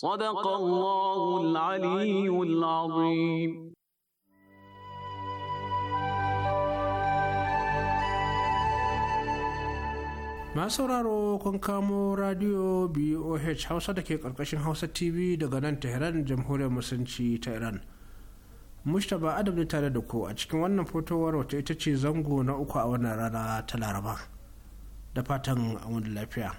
صدق الله العلي العظيم Ma sauraro kun kamo radio boh hausa da ke karkashin hausa tv daga nan iran jamhuriyar musulunci ta iran mustapha adam ne tare da ku a cikin wannan fotowar wata ita ce zango na uku a wannan rana ta laraba da fatan amun lafiya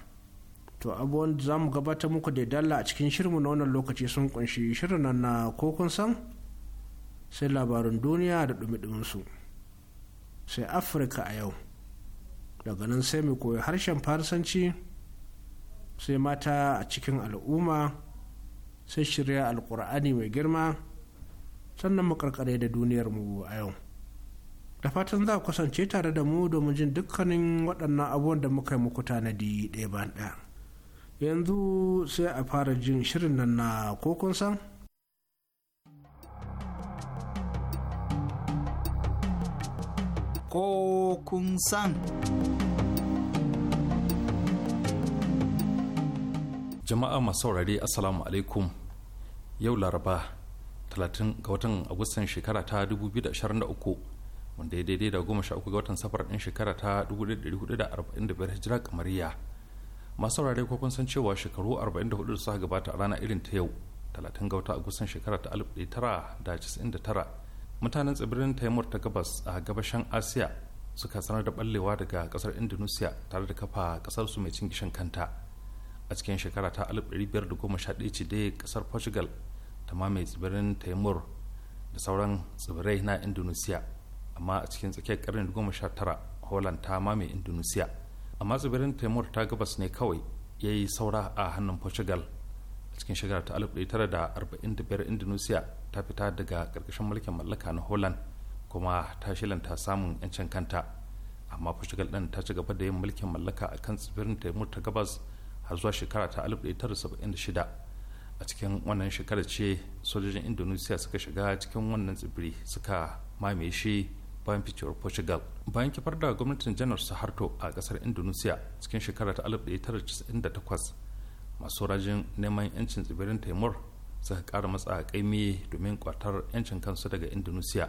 to abubuwan da za mu gabatar muku da dalla a cikin shirinmu na wannan lokaci sun kunshi shirin nan na ko san sai labarin duniya da dumi su sai afirka a yau daga nan sai mu koyi harshen farsanci sai mata a cikin al'umma sai shirya alkur'ani mai girma sannan mu karkare da duniyarmu a yau da fatan za ku kasance tare da mu domin jin dukkanin waɗannan abubuwan da muka yi muku tanadi ɗaya ba ɗaya yanzu sai a fara jin shirin nan na kokon san kokun san jama'a masu saurare assalamu alaikum yau laraba 30 ga watan agustan shekara ta 2023 wanda ya daidai da 13 ga watan safar din shekara ta 1445 hijira kamariya masu saurare ko kun san cewa shekaru 44 da suka gabata a rana irin ta yau 30 ga wata agustan shekara ta 1999 mutanen tsibirin taimur ta gabas a gabashin asiya suka sanar da ballewa daga kasar indonesia tare da kafa kasar su mai cin gishin kanta a cikin shekara ta 1511 ce dai kasar portugal ta mai tsibirin taimur da sauran tsibirai na indonesia amma a cikin tsakiyar karni 19 holland ta mame indonesia amma tsibirin taimur ta gabas ne kawai ya yi saura a hannun portugal cikin shekara ta 1945 indonesia ta fita daga ƙarƙashin mulkin mallaka na holland kuma ta shilanta samun 'yancin kanta amma portugal ɗin ta ci gaba da yin mulkin mallaka a kan tsibirin taimur ta gabas har zuwa shekara ta 1976 a cikin wannan shekarar ce sojojin indonesia suka shiga cikin wannan tsibiri suka mamaye shi bayan ficewar portugal bayan kifar da gwamnatin janar saharto a kasar indonesia cikin shekara ta 1998 masu rajin neman yancin tsibirin taimur suka kara matsa kaimiyi domin kwatar yancin kansu daga indonesia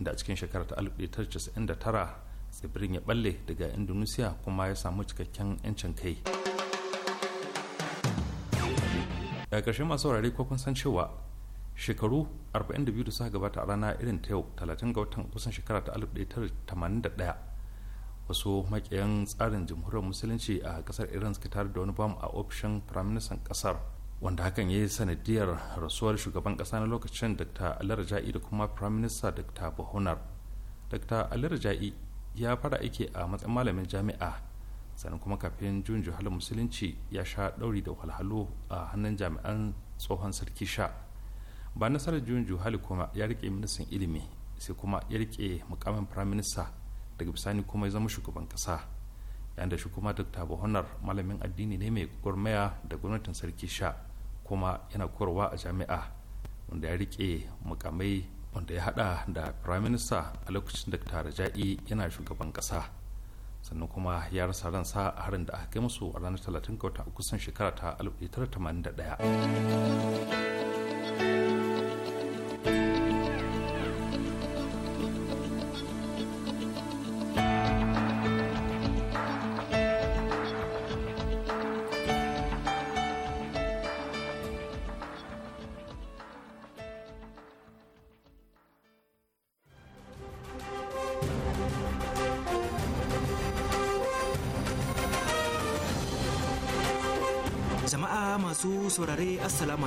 da cikin shekara ta 1999 tsibirin ya balle daga indonesia kuma ya samu cikakken yancin kai daga ƙarshe masu wurare ko kun san cewa shekaru 42 da suka gabata a rana irin ta yau 30 ga watan kusan shekara ta 1981 wasu makiyan tsarin jamhuriyar musulunci a kasar iran suka tare da wani bam a ofishin firaministan kasar wanda hakan ya yi sanadiyar rasuwar shugaban kasa na lokacin dr alirajai da kuma firaminista dr buhunar dr alirajai ya fara aiki a matsayin malamin jami'a sannan kuma kafin jun juhalin musulunci ya sha dauri da walhalu a hannun jami'an tsohon sarki sha ba nasarar juyin juhali kuma ya rike ministan ilimi sai kuma ya rike mukamin firaminista daga bisani kuma ya zama shugaban kasa yayin da shi kuma dr buhonar malamin addini ne mai gwagwarmaya da gwamnatin sarki sha kuma yana koyarwa a jami'a wanda ya rike mukamai wanda ya hada da firaminista a lokacin dr raja'i yana shugaban kasa sannan kuma ya rasa ransa a harin da aka kai musu a ranar talatin ga watan kusan shekara ta 1981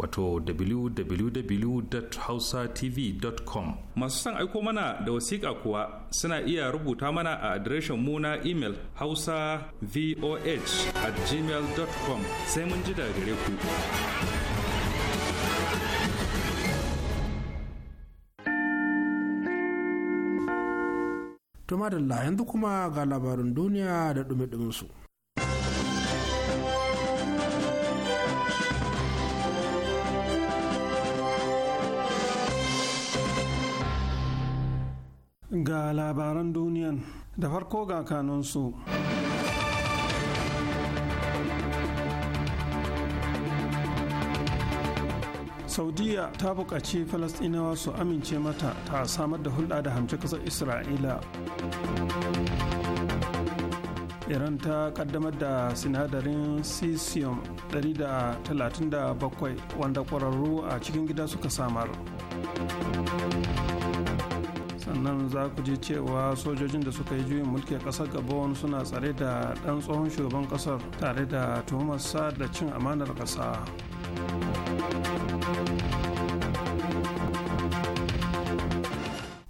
wato www.hausatv.com masu son aiko mana da wasiƙa kuwa suna iya rubuta mana a adireshin mu na imel hausa voh at gmail.com sai mun ji da gare ku Tuma da yanzu kuma ga labarin duniya da ɗumi-ɗuminsu. su ga labaran duniyan da farko ga kanunsu. saudiya ta buƙaci falasɗinawa su amince mata ta samar da hulɗa da hamci ƙasar isra'ila iran ta ƙaddamar da sinadarin cesium 137 wanda ƙwararru a cikin gida suka samar sannan za ku ji cewa sojojin da suka yi juyin mulki a ƙasar gabon suna tsare da ɗan tsohon shugaban ƙasar tare da tuhumarsa da cin amanar ƙasa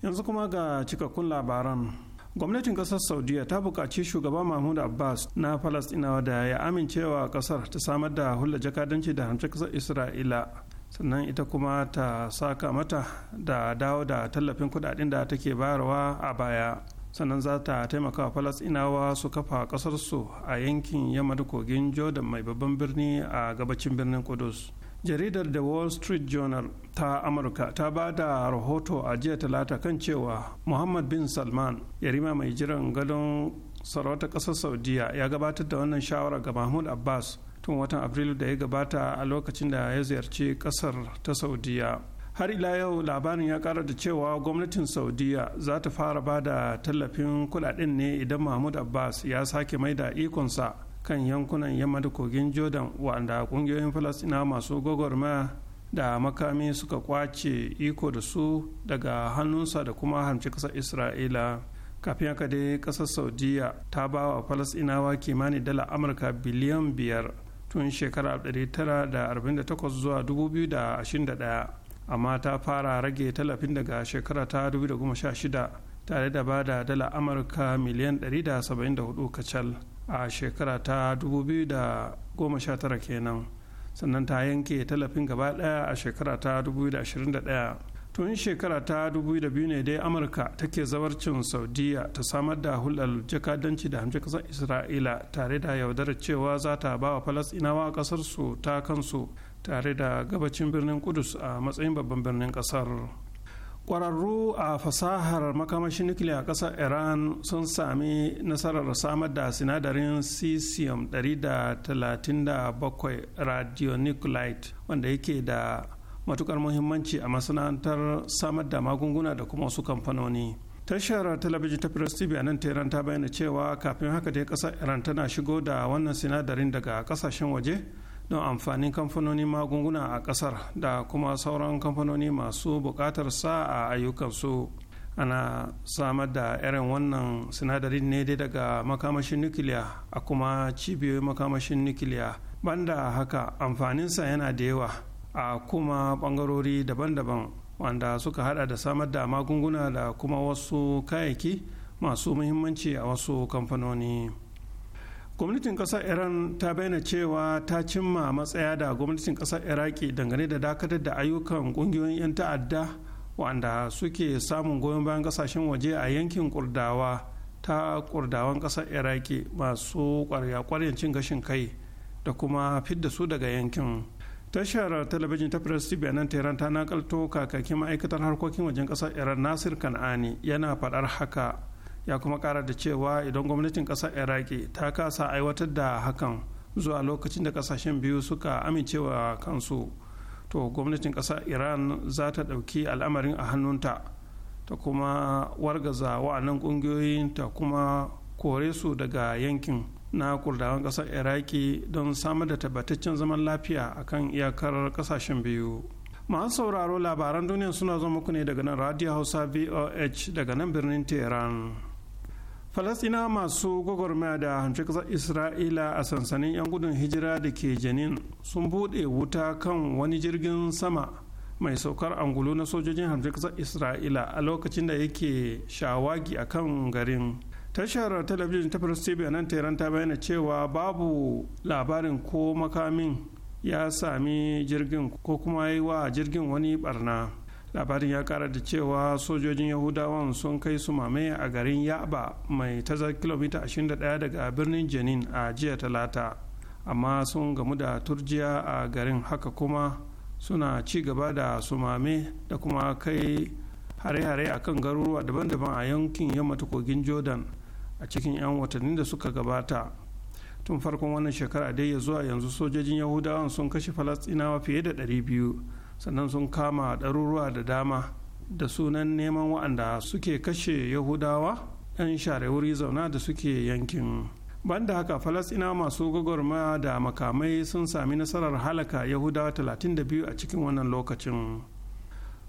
yanzu kuma ga cikakkun labaran gwamnatin ƙasar saudiya ta buƙaci shugaba mahmud abbas na falastinawa da ya amincewa ƙasar ta samar da hulla jakadanci da hamshe kasar isra'ila sannan ita kuma ta saka mata da dawo da tallafin kudaden da take bayarwa a baya sannan za ta taimaka wa falasinawa su kafa kasarsu a yankin yamma da kogin jordan mai babban birni a gabacin birnin kudus jaridar the wall street journal ta amurka ta ba da rahoto a jiya talata kan cewa muhammad bin salman yarima mai jiran gadon sarauta kasar saudiya ya gabatar da wannan shawara ga mahmud abbas tun watan afrilu da ya gabata a lokacin da ya ziyarci kasar ta saudiya har ila yau labarin ya ƙara da cewa gwamnatin saudiya za ta fara ba da tallafin kudaden ne idan mahmud abbas ya sake mai da ikonsa kan yankunan yamma da kogin jordan wanda ƙungiyoyin falastina masu gwagwarmaya da makami suka kwace iko da su daga hannunsa da kuma hamci kasar isra'ila kafin haka dai ƙasar saudiya ta ba wa falasinawa kimanin dala amurka biliyan biyar tun shekara 1948 zuwa 2021 amma ta fara rage tallafin daga shekara ta 2016 tare da ba da dala amurka miliyan 174 kacal a shekara ta 2019 kenan sannan ta yanke tallafin gaba daya a shekara ta 2021 tun shekara ta 2002 ne dai amurka take zawarcin saudiya ta samar da hulɗar jakadanci da hamshe ƙasar isra'ila tare da yaudarar cewa za ta ba wa falasɗinawa a ƙasarsu ta kansu tare da gabacin birnin kudus a matsayin babban birnin ƙasar ƙwararru a fasahar makamashin nukiliya a ƙasar iran sun sami nasarar samar da sinadarin cesium 137 radionuclide wanda yake da matukar muhimmanci a masana'antar samar da magunguna da kuma wasu kamfanoni tashar talabijin ta press tv a nan tehran ta bayyana cewa kafin haka dai kasar iran tana shigo da wannan sinadarin daga kasashen waje don amfanin kamfanonin magunguna a kasar da kuma sauran kamfanoni masu bukatar sa a ayyukansu ana samar da irin wannan sinadarin ne dai daga makamashin nukiliya a kuma cibiyoyin makamashin nukiliya banda haka amfaninsa yana da yawa a kuma bangarori daban-daban wanda suka hada da samar da magunguna da kuma wasu kayayyaki masu muhimmanci a wasu kamfanoni gwamnatin kasar iran ta bayyana cewa ta cimma matsaya da gwamnatin kasar iraki dangane da dakatar da ayyukan kungiyoyin 'yan ta'adda wanda suke samun goyon bayan kasashen waje a yankin kurdawa ta kurdawan kasar iraki masu kwarya kwaryancin cin gashin kai da kuma fidda su daga yankin. tashar talabijin ta press tv nan tehran ta nakalto kakakin ma'aikatar harkokin wajen kasar iran nasir kan'ani yana faɗar haka ya kuma ƙara da cewa idan gwamnatin ƙasar iraki ta kasa aiwatar da hakan zuwa lokacin da ƙasashen biyu suka amincewa kansu to gwamnatin ƙasar iran za ta ɗauki al'amarin a hannunta ta kuma wargaza wa'annan ƙungiyoyin ta kuma kore su daga yankin na kurdawan ƙasar iraki don samar da tabbataccen zaman lafiya a kan iyakar ƙasashen biyu masu sauraro labaran duniya suna zo muku ne daga nan radio hausa voh daga nan birnin tehran falastina masu gwagwarmaya da hanci ƙasar isra'ila a sansanin 'yan gudun hijira da ke janin sun buɗe wuta kan wani jirgin sama mai saukar angulu na sojojin hanci ƙasar isra'ila a lokacin da yake shawagi a kan garin tashar talabijin ta first tv nan teran ta bayyana cewa babu labarin ko makamin ya sami jirgin ko kuma yi wa jirgin wani barna labarin ya kara da cewa sojojin yahudawan sun kai su mamaye a garin yaba mai tazar kilomita 21 daga birnin jenin a jiya talata amma sun gamu da turjiya a garin haka kuma suna ci gaba da sumame da kuma kai hare-hare akan garuruwa daban-daban a yankin yamma kogin jordan a cikin 'yan watannin da suka gabata tun farkon wannan shekara dai ya zuwa yanzu sojojin yahudawan sun kashe falastinawa fiye da 200 sannan sun kama ɗaruruwa da dama da sunan neman wa'anda suke kashe yahudawa 'yan share wuri zauna da suke yankin banda haka falastina masu gwagwarmaya da makamai sun sami nasarar halaka yahudawa 32 a cikin wannan lokacin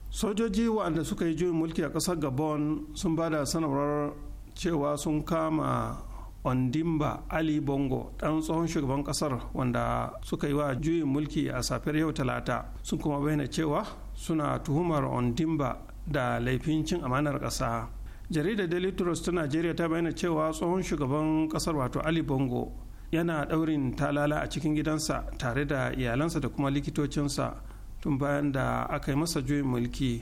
sojoji wa'anda suka yi juyin mulki a ƙasar gabon sun ba da sanarwar cewa sun kama ondimba ali bongo dan tsohon shugaban kasar wanda suka yi wa juyin mulki a safiyar yau talata sun kuma bayyana cewa suna tuhumar ondimba da laifin cin amanar ƙasa jaridar daily trust ta najeriya ta bayyana cewa tsohon shugaban kasar wato ali bongo yana daurin talala a cikin gidansa tare da iyalansa da kuma likitocinsa tun bayan da aka yi masa juyin mulki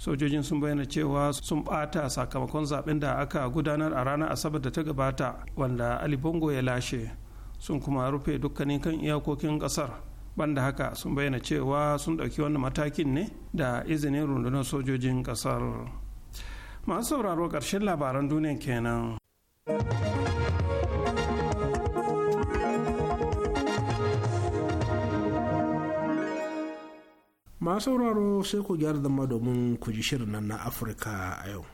sojojin sun bayyana cewa sun bata sakamakon zaben da aka gudanar a ranar asabar da ta gabata wanda ali bongo ya lashe sun kuma rufe dukkanin kan iyakokin kasar banda haka sun bayyana cewa sun ɗauki wannan matakin ne da izinin rundunar sojojin kasar masu sauraro ƙarshen labaran duniya kenan. masu sauraro sai ku gyara zama domin ku ji shirin nan na afirka a yau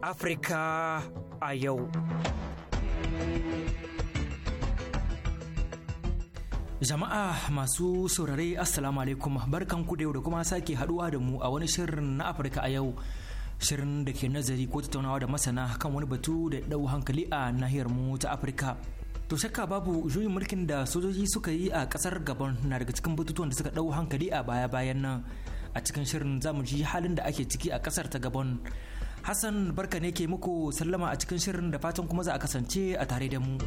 afirka a yau Jama'a masu saurare Assalamu alaikum ku da yau da kuma sake haduwa da mu a wani shirin na Afirka a yau. shirin da ke nazari ko tattaunawa da masana kan wani batu da ɗau hankali a nahiyar mu ta afirka to shakka babu juyin mulkin da sojoji suka yi a kasar gabon na daga cikin batutuwan da suka ɗau hankali a baya bayan nan a cikin shirin zamu ji halin da ake ciki a kasar ta gabon hassan barka ne ke muku sallama a cikin shirin da fatan kuma za a kasance a tare da mu.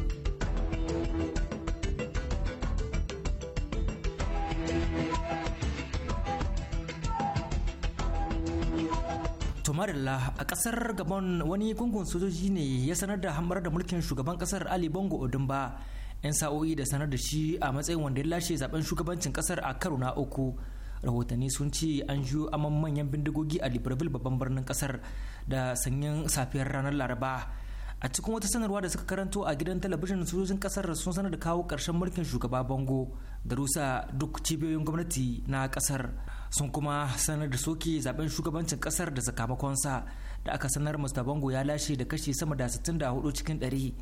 tumarilla a kasar gabon wani gungun sojoji ne ya sanar da hamar da mulkin shugaban kasar ali bongo odumba yan sa'o'i da sanar da shi a matsayin wanda ya lashe zaben shugabancin kasar a karo na uku rahotanni sun ce an ju aman manyan bindigogi a libreville babban birnin kasar da sanyin safiyar ranar laraba a cikin wata sanarwa da suka karanto a gidan talabijin sojojin kasar sun sanar da kawo karshen mulkin shugaba bongo da rusa duk cibiyoyin gwamnati na kasar sun kuma sanar da soke zaben shugabancin kasar da sakamakonsa da aka sanar mr bango ya lashe da kashi sama da 64 cikin 100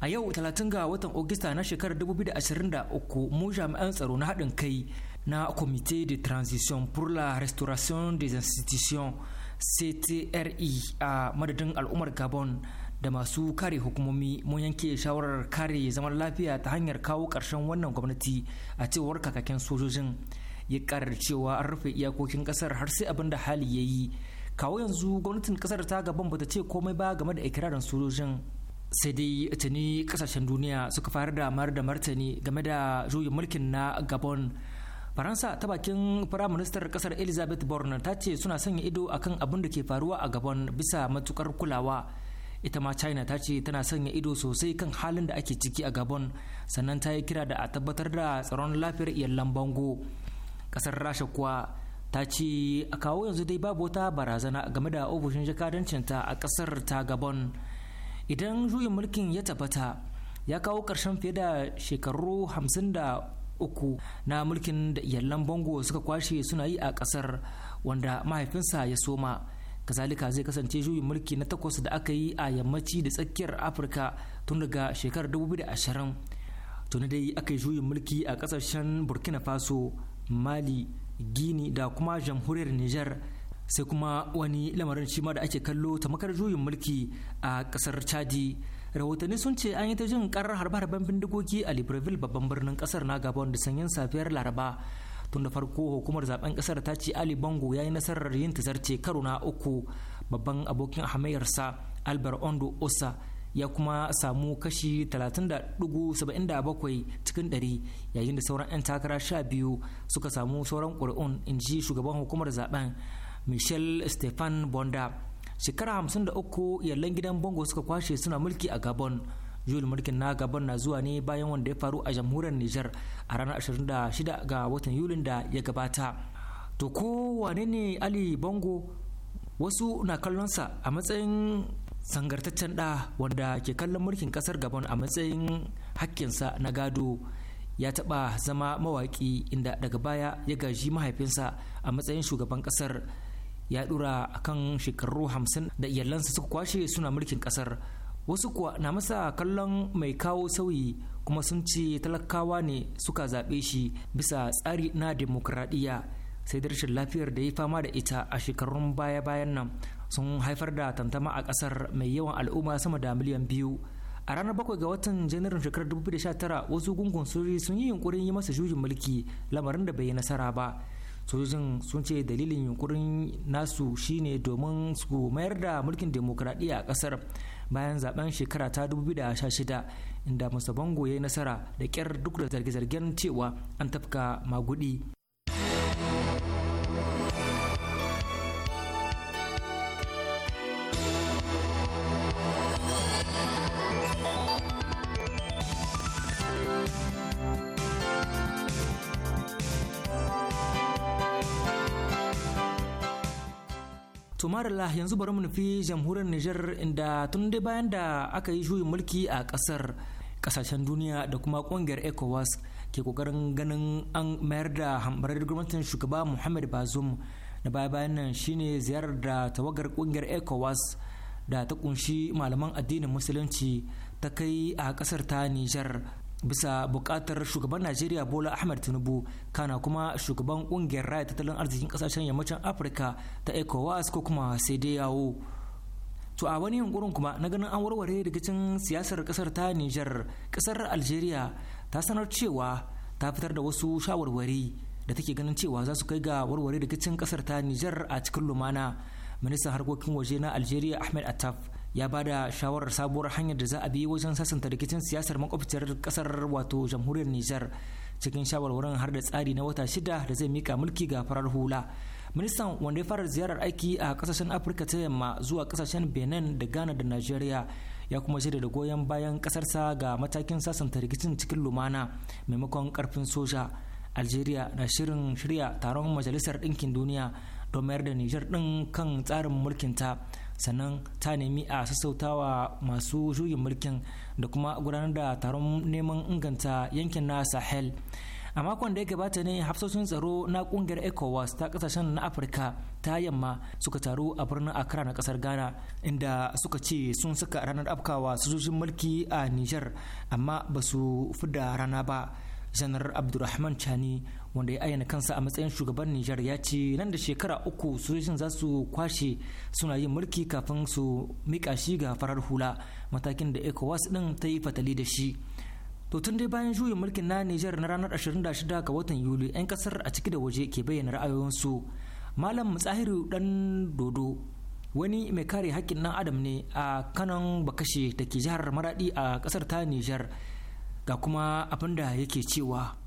a yau 30 ga watan ogista na shekarar 2023 mu jami'an tsaro na haɗin kai na comité de transition pour la restauration des institutions ctre a madadin al'ummar gabon da masu kare hukumomi mun yanke shawarar kare zaman lafiya ta hanyar kawo ƙarshen wannan gwamnati a cewar kakakin sojojin ya karar cewa an rufe iyakokin kasar har sai abin da hali ya yi kawo yanzu gwamnatin kasar ta gaban bata ce komai ba game da ikirarin sojojin sai dai tuni kasashen duniya suka fara da mayar da martani game da juyin mulkin na gabon faransa ta bakin firaministar kasar elizabeth borne ta ce suna sanya ido akan abin da ke faruwa a gabon bisa matukar kulawa ita ma china ta ce tana sanya ido sosai kan halin da ake ciki a gabon sannan ta yi kira da a tabbatar da tsaron lafiyar iyalan bango kasar rasha kuwa ta ce a kawo yanzu dai babu wata barazana game da ofishin jakadancinta a kasar ta gabon idan juyin mulkin ya tabbata ya kawo ƙarshen fiye da shekaru hamsin da uku na mulkin da iyalan bongo suka kwashe suna yi a kasar wanda mahaifinsa ya soma kazalika zai kasance juyin mulki na takwas da aka yi a yammaci da tsakiyar afirka tun daga shekarar 2020 tuni dai aka yi juyin mulki a kasashen burkina faso mali gini da kuma jamhuriyar niger sai kuma wani lamarin shi da ake kallo makar juyin mulki a kasar chadi rahotanni sun ce an yi ta jin karar harbe-harben bindigogi a libreville babban birnin kasar na gabon da sanyin safiyar laraba tun da farko hukumar zaben kasar ta ce ali bongo ya yi nasarar yin tazarce karo na uku babban abokin hamayarsa albert ondo osa ya kuma samu kashi 30.77 cikin 100 yayin da sauran 'yan takara 12 suka samu sauran ƙuri'un in ji shugaban hukumar zaben michel stefan bonda shekara 53 yallan gidan bongo suka kwashe suna mulki a gabon juyin mulkin na gabon na zuwa ne bayan wanda ya faru a jamhuriyar niger a ranar 26 ga watan yulin da ya gabata to ko wane ne ali bongo wasu na kallonsa a matsayin sangartaccen ɗa wanda ke kallon mulkin ƙasar gabon a matsayin hakkinsa na gado ya taɓa zama mawaƙi inda daga baya ya gaji mahaifinsa a matsayin shugaban ƙasar ya ɗura a kan shekaru hamsin da iyalansa suka kwashe suna mulkin ƙasar wasu kuwa na masa kallon mai kawo sauyi kuma sun ce talakawa ne suka zaɓe shi bisa tsari na demokuraɗiyya sai da rashin lafiyar da ya fama da ita a shekarun baya-bayan nan sun haifar da tantama a kasar mai yawan al'umma sama da miliyan biyu a ranar bakwai ga watan janairun shekarar 2019 wasu gungun sojoji sun yi yunkurin yi masa jujin mulki lamarin da bai yi nasara ba sojojin sun ce dalilin yunkurin nasu shine domin su mayar da mulkin demokuraɗiyya a kasar bayan zaben shekara ta 2016 inda musa bango ya yi nasara da kyar duk da zarge-zargen cewa an tafka magudi Allah yanzu bari mu nufi jamhuriyar Nijar inda tun dai bayan da aka yi juyin mulki a kasar kasashen duniya da kuma kungiyar ECOWAS ke kokarin ganin an mayar da hambarar gwamnatin shugaba Muhammad Bazoum na baya bayan nan shine ziyarar da tawagar kungiyar ECOWAS da ta kunshi malaman addinin musulunci ta kai a kasar ta Nijar bisa bukatar shugaban najeriya bola ahmed tinubu kana kuma shugaban kungiyar raya tattalin arzikin kasashen yammacin afirka ta ecowas ko kuma sai dai yawo to a wani yunkurin kuma na ganin an warware rikicin siyasar kasar ta niger kasar algeria ta sanar cewa ta fitar da wasu shawarwari da take ganin cewa za su kai ga warware rikicin kasar ta niger a cikin lumana ministan harkokin waje na algeria ahmed attaf ya ba da shawarar sabuwar hanyar da za a bi wajen sasanta rikicin siyasar makwabciyar kasar wato jamhuriyar Nijar cikin shawarwarin har da tsari na wata shida da zai mika mulki ga farar hula. Ministan wanda ya fara ziyarar aiki a kasashen Afirka ta yamma zuwa kasashen Benin da Ghana da Najeriya ya kuma shirya da goyon bayan kasarsa ga matakin sasanta rikicin cikin lumana maimakon karfin soja. Algeria na shirin shirya taron Majalisar Ɗinkin Duniya don mayar da Nijar ɗin kan tsarin mulkinta. ta sannan ta nemi a sassautawa masu juyin mulkin da kuma gudanar da taron neman inganta yankin na sahel a makon da ya gabata ne hafsoshin tsaro na kungiyar ecowas ta kasashen na afirka ta yamma suka taru a birnin accra na kasar ghana inda suka ce sun saka ranar afkawa sojojin mulki a niger amma ba su fida rana ba janar abdulrahman chani wanda ya ayyana kansa a matsayin shugaban Nijar ya ce nan da shekara uku sojojin za su kwashe suna yin mulki kafin su mika shi ga farar hula matakin da ECOWAS din ta yi fatali da shi. To tun dai bayan juyin mulkin na Nijar na ranar 26 ga watan Yuli 'yan kasar a ciki da waje ke bayyana ra'ayoyinsu. Malam Mutsahiru Dan Dodo wani mai kare hakkin ɗan adam ne a kanon bakashe da ke jihar maradi a ƙasar ta Nijar ga kuma abin da yake cewa.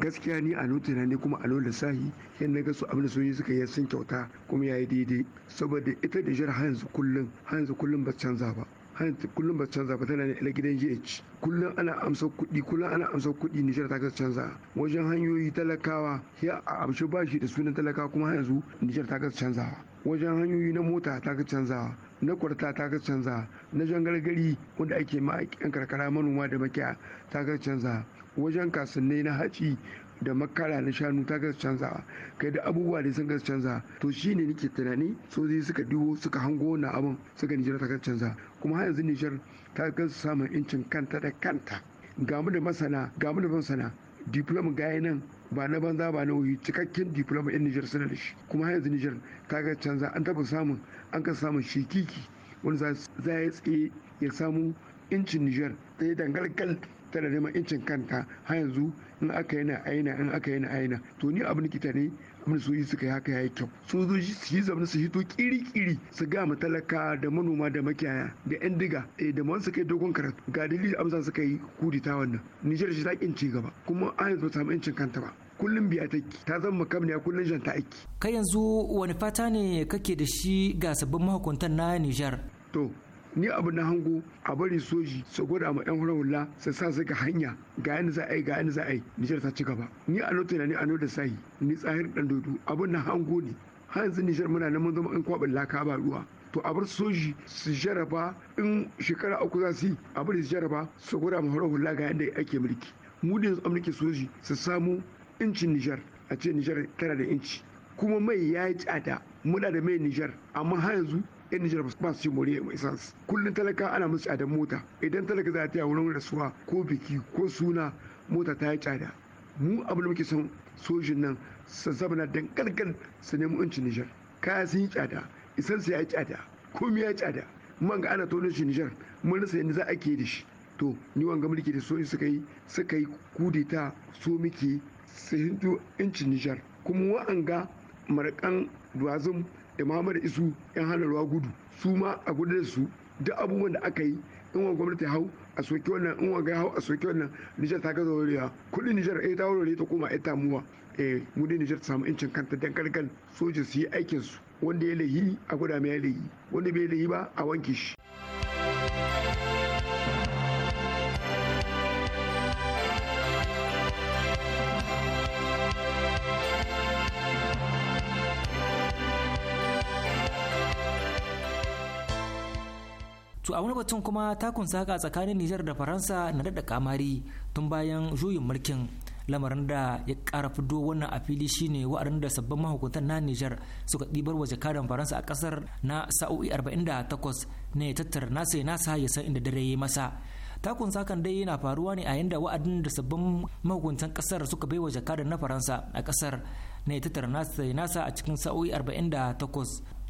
gaskiya ni a lotina ne kuma a lola sahi yan na gasu abin da sun yi suka yi sun kyauta kuma ya yi daidai saboda ita da jira hanzu kullum hanzu kullum ba canza ba hanzu kullum ba canza ba tana ne ila gidan gh kullum ana amsa kuɗi kullum ana amsa kuɗi jira ta canza wajen hanyoyi talakawa ya a amshi bashi da sunan talakawa kuma yanzu jira ta canza wajen hanyoyi na mota ta canza na kwarta ta canza na gari wanda ake ma karkara manoma da makiya ta canza wajen kasannai na haci da makara na shanu ta gasa canzawa kai da abubuwa da sun gasa canza to shine nake tunani sojoji suka diwo suka hango wannan abin suka nijar ta gasa canza kuma har yanzu nijar ta gasa samun incin kanta da kanta gamu da masana gamu da masana diploma gaya nan ba na banza ba na wuyi cikakken diploma yan nijar suna da shi kuma har yanzu nijar ta gasa canza an taba samun an ka samun shikiki wani za ya tsaye ya samu incin nijar yi dangalgal tana neman incin kanta har yanzu in aka yana aina in aka yana aina to ni abin kita ne abin su yi suka yi haka yayi kyau sojoji su yi zamanin su hito kiri-kiri su ga matalaka da manoma da makiyaya da yan diga eh, da man suka yi dogon karatu ga dalilin amsa suka yi kudita wannan nijar shi ta ci gaba kuma an yanzu ba samu incin kanta ba kullum biya take ta zama makamniya kullum janta ta aiki kai yanzu wani fata ne kake da shi ga sabbin mahukuntan na Nijar to ni abu na hango a bari soji su gwada ma yan hula su sa su ga hanya ga yanzu za a yi ga yanzu za a yi nijar ta ci gaba ni a notuna ni a da sahi ni tsahir dan dodo abu na hango ne har yanzu nijar muna nan mun zama in kwabin laka ba ruwa to a bar soji su jaraba in shekara uku za su yi a bari su jaraba su gwada ma hula ga yanda ake mulki mu da yanzu amurka soji su samu incin nijar a ce nijar tana da inci kuma mai ya yi tsada muna da mai nijar amma har yanzu yan Nijar ba su ci moriyar mai sans kullum talaka ana musu tsadar mota idan talaka za ta yi wurin rasuwa ko biki ko suna mota ta yi tsada mu abu da muke son sojin nan su zama na dangalgal su nemi incin Nijar kaya sun yi tsada isan su ya yi tsada komi ya yi tsada man ga ana tonin shi Nijar mun rasa yadda za a ke da shi to ni wanga mulki da soji suka yi suka yi kudita so muke su incin Nijar kuma wa'anga markan duwazun da muhammad isu yan hana gudu su ma a gudu da su duk abubuwan da aka yi in wa gwamnati hau a soki wannan in wa gaya hau a soki wannan nijar ta gaza wurewa kudin nijar ai eh, ta wurare ta koma ai tamuwa eh mu dai nijar ta samu incin kanta dan karkan soja su yi aikin su wanda ya lahi a guda mai lahi wanda bai lahi ba a wanke shi to a wani batun kuma takun saka tsakanin nijar da faransa na daɗa kamari tun bayan juyin mulkin lamarin da ya ƙara fido wannan a fili shine wa'adin da sabbin mahukuntan na nijar suka ɗibar waje kadan faransa a ƙasar na sa'o'i 48 ne ya tattara nasa ya nasa ya san inda dare ya masa takun sakan dai yana faruwa ne a yanda wa'adin da sabbin mahukuntan kasar suka bai waje jakadan na faransa a kasar na ya tattara nasa ya nasa a cikin sa'o'i 48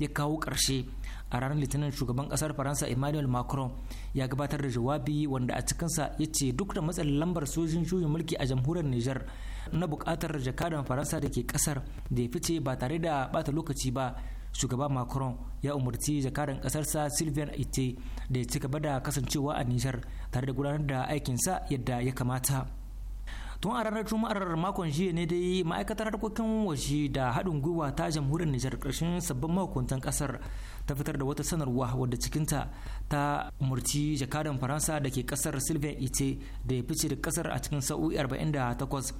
ya kawo ƙarshe a ranar litinin shugaban kasar faransa emmanuel macron ya gabatar da jawabi wanda a cikinsa ya ce duk da matsalin lambar sojin juyin mulki a jamhuriyar niger na bukatar jakadan faransa da ke kasar da ya fice ba tare da bata lokaci ba shugaba macron ya umarci jakadan kasarsa sylvain ite da ya ci gaba da kasancewa a niger tare da gudanar da aikinsa yadda ya kamata tun a ranar juma'ar makon jiya ne dai ma'aikatar harkokin waje da haɗin gwiwa ta jamhuriyar nijar ƙarshen sabbin mahukuntan ƙasar ta fitar da wata sanarwa wadda cikinta ta umarci jakadan faransa da ke ƙasar sylvain ite da ya fice da ƙasar a cikin sa'o'i 48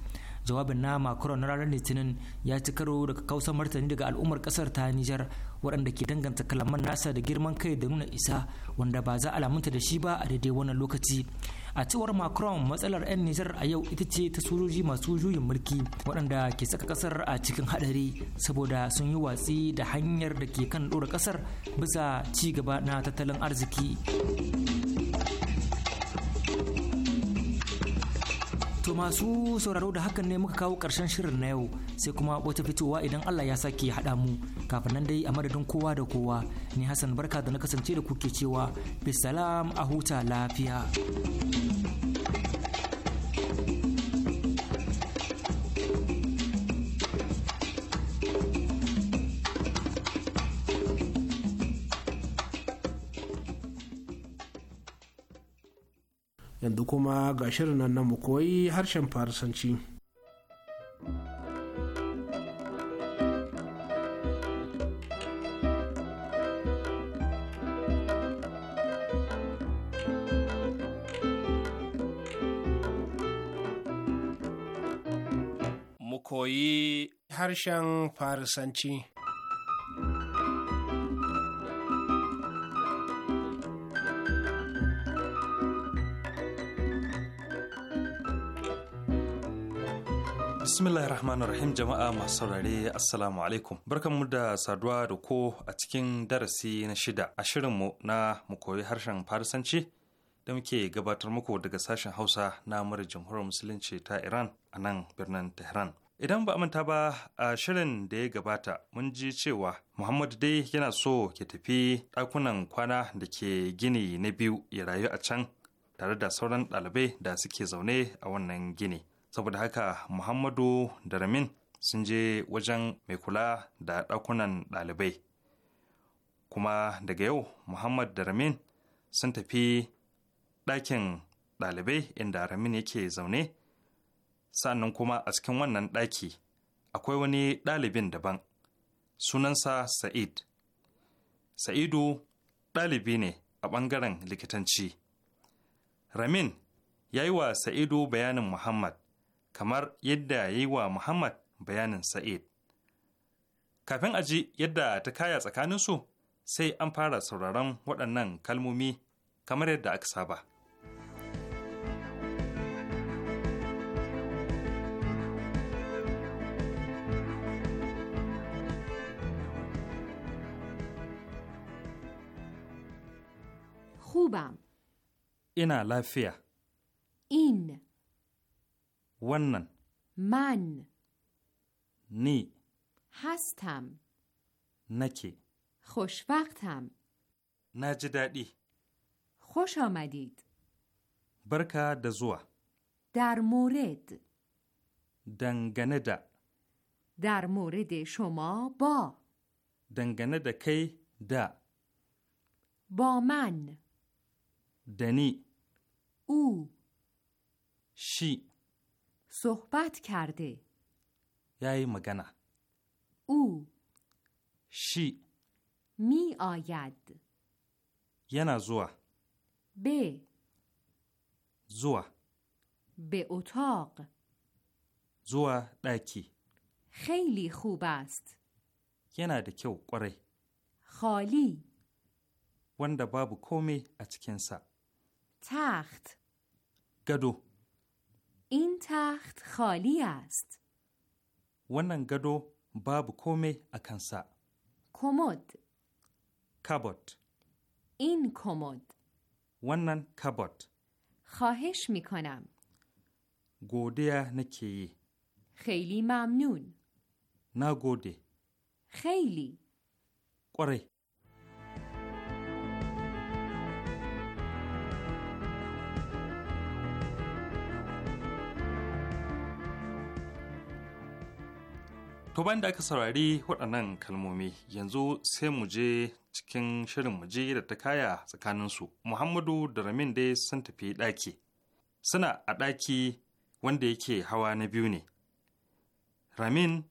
jawabin na macron na ranar litinin ya ci karo daga kausan martani daga al'ummar kasar ta nijar waɗanda ke danganta kalaman nasa da girman kai da nuna isa wanda ba za a lamunta da shi ba a daidai wannan lokaci a cewar macron matsalar 'yan nijar a yau ita ce ta sojoji masu juyin mulki waɗanda ke saka ƙasar a cikin haɗari saboda sun yi watsi da hanyar da ke kan ɗora ƙasar bisa ci gaba na tattalin arziki To masu sauraro da hakan ne muka kawo ƙarshen shirin na yau sai kuma wata fitowa idan Allah ya sake haɗa mu kafin nan dai a madadin kowa da kowa ni Hassan barka da na kasance da kuke cewa bisalam a huta lafiya. yanzu kuma ga shirin nan mu koyi harshen farisanci. Mu koyi harshen farisanci. Bismillahir Rahmanir Rahim jama'a masu saurare Assalamu alaikum. Barkanmu da saduwa da ko a cikin darasi na shida a shirinmu na mu koyi harshen Farisanci da muke gabatar muku daga sashen Hausa na mura jamhuriyar Musulunci ta Iran a nan birnin Tehran. Idan ba manta ba a shirin da ya gabata mun ji cewa Muhammad dai yana so ke tafi ɗakunan kwana da ke gini na biyu ya rayu a can tare da sauran ɗalibai da suke zaune a wannan gini. saboda haka muhammadu da ramin sun je wajen mai kula da ɗakunan ɗalibai kuma daga yau muhammad da ramin sun tafi ɗakin ɗalibai inda ramin yake zaune sannan kuma a cikin wannan ɗaki akwai wani ɗalibin daban sunansa sa'id sa'idu ɗalibi ne a ɓangaren likitanci ramin ya yi wa sa'idu bayanin muhammad kamar yadda ya yi wa Muhammad bayanin Sa'id. Kafin a ji yadda ta kaya tsakaninsu, sai an fara sauraron waɗannan kalmomi kamar yadda aka saba. خوبم ina lafiya. In. ونن من نی هستم نکی خوشوقتم نجدادی خوش آمدید برکا دزوا در مورد دنگنه ده در مورد شما با دنگنه ده کی دا با من دنی او شی صحبت کرده یای مگنا او شی می آید ینا زوا به زوا به اتاق زوا داکی خیلی خوب است ینا دکیو قره خالی ونده بابو کومی اتکنسا تخت گدو این تخت خالی است. ونن گدو باب کومه اکنسا. کمد. کبوت. این کمد. ونن کبوت. خواهش می کنم. گودیا نکی. خیلی ممنون. گودی. خیلی. قره. To bayan da aka saurari waɗannan kalmomi yanzu sai mu je cikin shirin mu je da ta kaya tsakaninsu. Muhammadu da Ramin dai sun tafi ɗaki. Suna a ɗaki wanda yake hawa na biyu ne. Ramin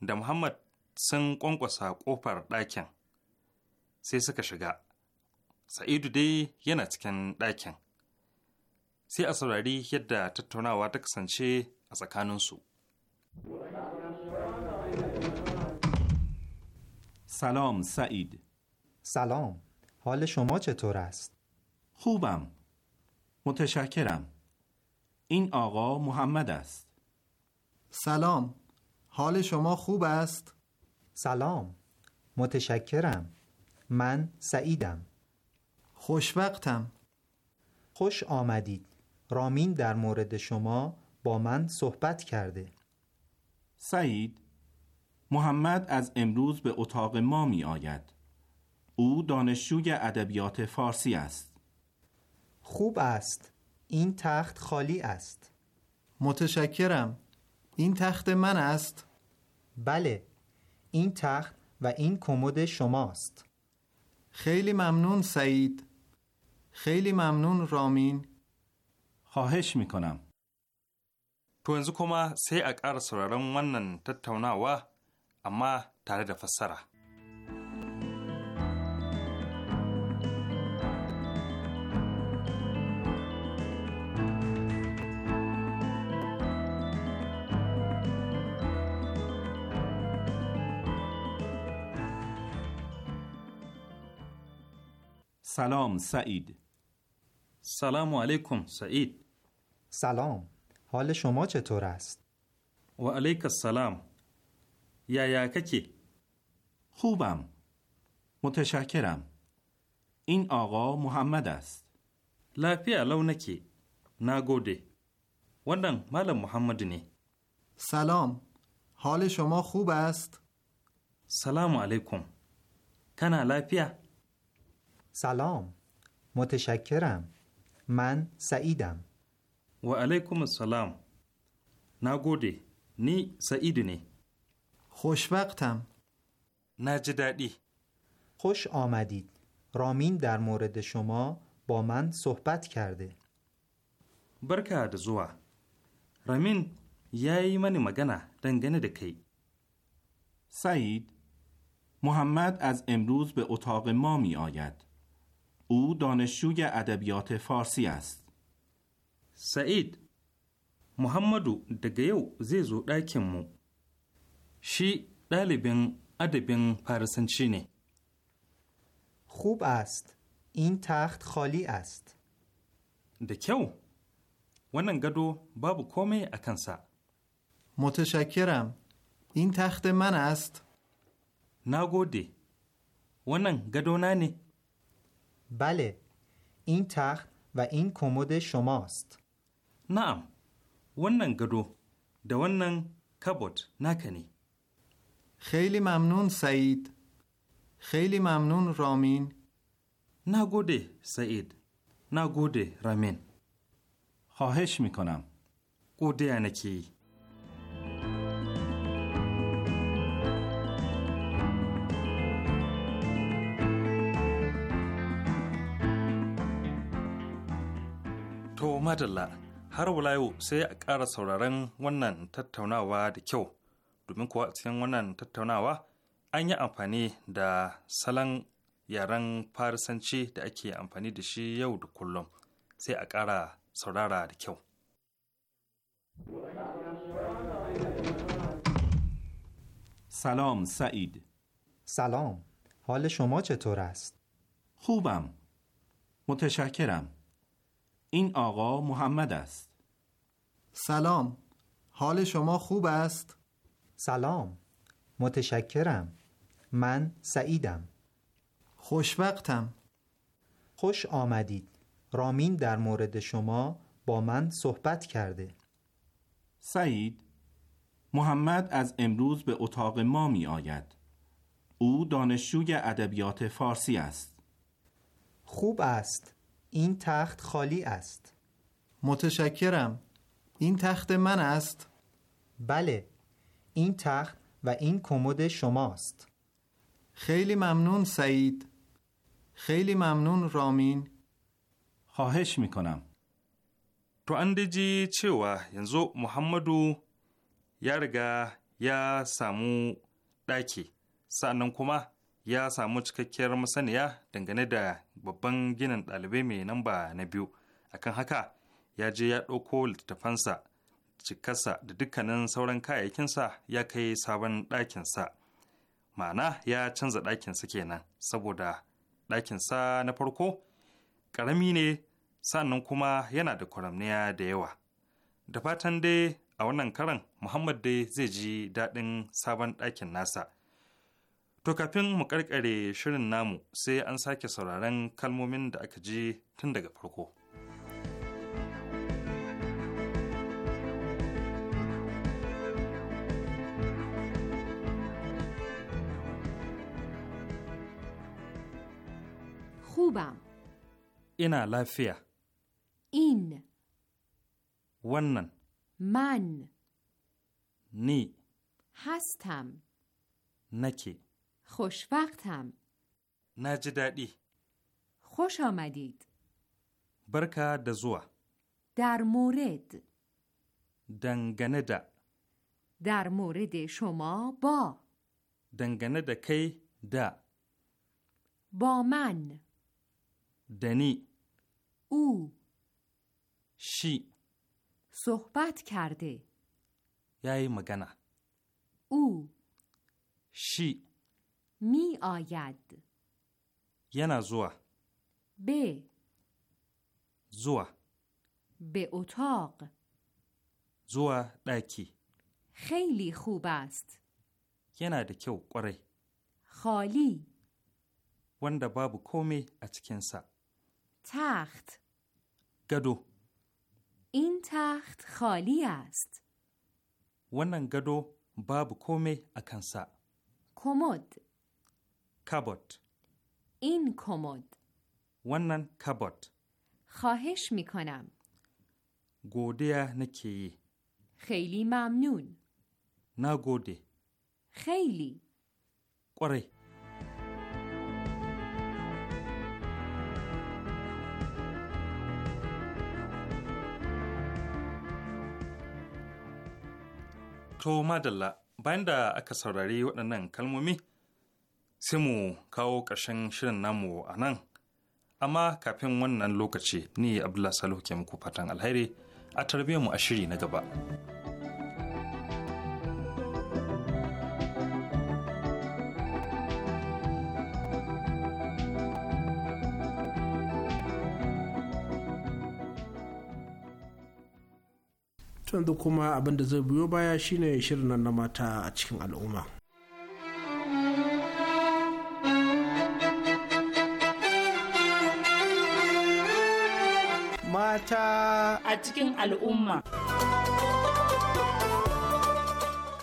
da Muhammad sun ƙwanƙwasa ƙofar ɗakin sai suka shiga. Sa'idu dai yana cikin ɗakin. Sai a saurari yadda tattaunawa ta kasance a tsakaninsu. سلام سعید سلام حال شما چطور است؟ خوبم متشکرم این آقا محمد است سلام حال شما خوب است؟ سلام متشکرم من سعیدم خوشوقتم خوش آمدید رامین در مورد شما با من صحبت کرده سعید محمد از امروز به اتاق ما می آید. او دانشجوی ادبیات فارسی است. خوب است. این تخت خالی است. متشکرم. این تخت من است. بله. این تخت و این کمد شماست. خیلی ممنون سعید. خیلی ممنون رامین. خواهش می کنم. تو انزو کما سی اکار منن ونن اما تره ده فسره سلام سعید سلام علیکم سعید سلام حال شما چطور است؟ و علیک السلام یا یا ککی خوبم متشکرم این آقا محمد است لافیا لونکی نگوده وندن مال محمد نه سلام حال شما خوب است سلام علیکم کنا لافیا سلام متشکرم من سعیدم و علیکم السلام نگوده نی سعید نه خوشوقتم نجدادی خوش آمدید رامین در مورد شما با من صحبت کرده برکه زوا رامین یای منی مگنه دنگنه دکی سعید محمد از امروز به اتاق ما می آید او دانشجوی ادبیات فارسی است سعید محمدو دگه یو زیزو شی دالبین ادبین پارسنچی نه خوب است این تخت خالی است دکیو wannan gado babu komai a kansa. متشکرم. این تخت من است. نگوده. wannan gado na ne. بله. این تخت و این کمد شماست. نعم. wannan gado da wannan kabot naka ne. خیلی ممنون سعید خیلی ممنون رامین نگوده سعید نگوده رامین خواهش میکنم گوده انکی تو مدلا، هر ولایو سه اکار a ونن تتونا واد کیو domin kuwa a cikin wannan tattaunawa an yi amfani da salon yaren farisanci da ake amfani da shi yau da kullum sai a ƙara saurara da kyau. سلام سعید سلام حال شما چطور است؟ خوبم متشکرم این آقا محمد است سلام حال شما خوب است؟ سلام متشکرم من سعیدم خوشوقتم خوش آمدید رامین در مورد شما با من صحبت کرده سعید محمد از امروز به اتاق ما می آید او دانشجوی ادبیات فارسی است خوب است این تخت خالی است متشکرم این تخت من است بله این تخت و این کمد شماست خیلی ممنون سعید خیلی ممنون رامین خواهش میکنم تو اندجی چوا ینزو محمدو یا رگا یا سامو داکی سانن کما ya samu cikakkiyar masaniya dangane da babban ginin ɗalibai mai namba na biyu akan haka ya je ya ɗauko littattafansa cikarsa da dukkanin sauran kayayyakinsa ya kai sabon ɗakinsa ma'ana ya canza ɗakinsa kenan saboda ɗakinsa na farko ƙarami ne sannan kuma yana da kwaramniya da yawa da fatan dai a wannan karan muhammad dai zai ji daɗin sabon ɗakin nasa to kafin mu ƙarƙare shirin namu sai an sake sauraren kalmomin da aka ji tun daga farko. خوبم اینا لافیه این ونن من نی هستم نکی خوشوقتم نجدادی خوش آمدید برکا دزوا در مورد دنگنه ده در مورد شما با دنگنه کی دا با من دنی او شی صحبت کرده یای مگنه او شی می آید ینا زوا ب زوا به اتاق زوا لکی خیلی خوب است ینا دکیو قره خالی ونده بابو کومی ا تخت گدو این تخت خالی است ونن گدو باب کومه اکنسا کمد کبوت این کمد ونن کبوت خواهش میکنم. گوده نکی خیلی ممنون نا خیلی قره To madalla bayan da aka saurari waɗannan kalmomi sai mu kawo ƙarshen shirin namu a nan. Amma kafin wannan lokaci ni abdullahi Salihu ke muku fatan alheri a tarbiyyar mu a shiri na gaba. yanzu kuma abin da zai biyo baya shine shirin nan na mata a cikin al'umma mata a cikin al'umma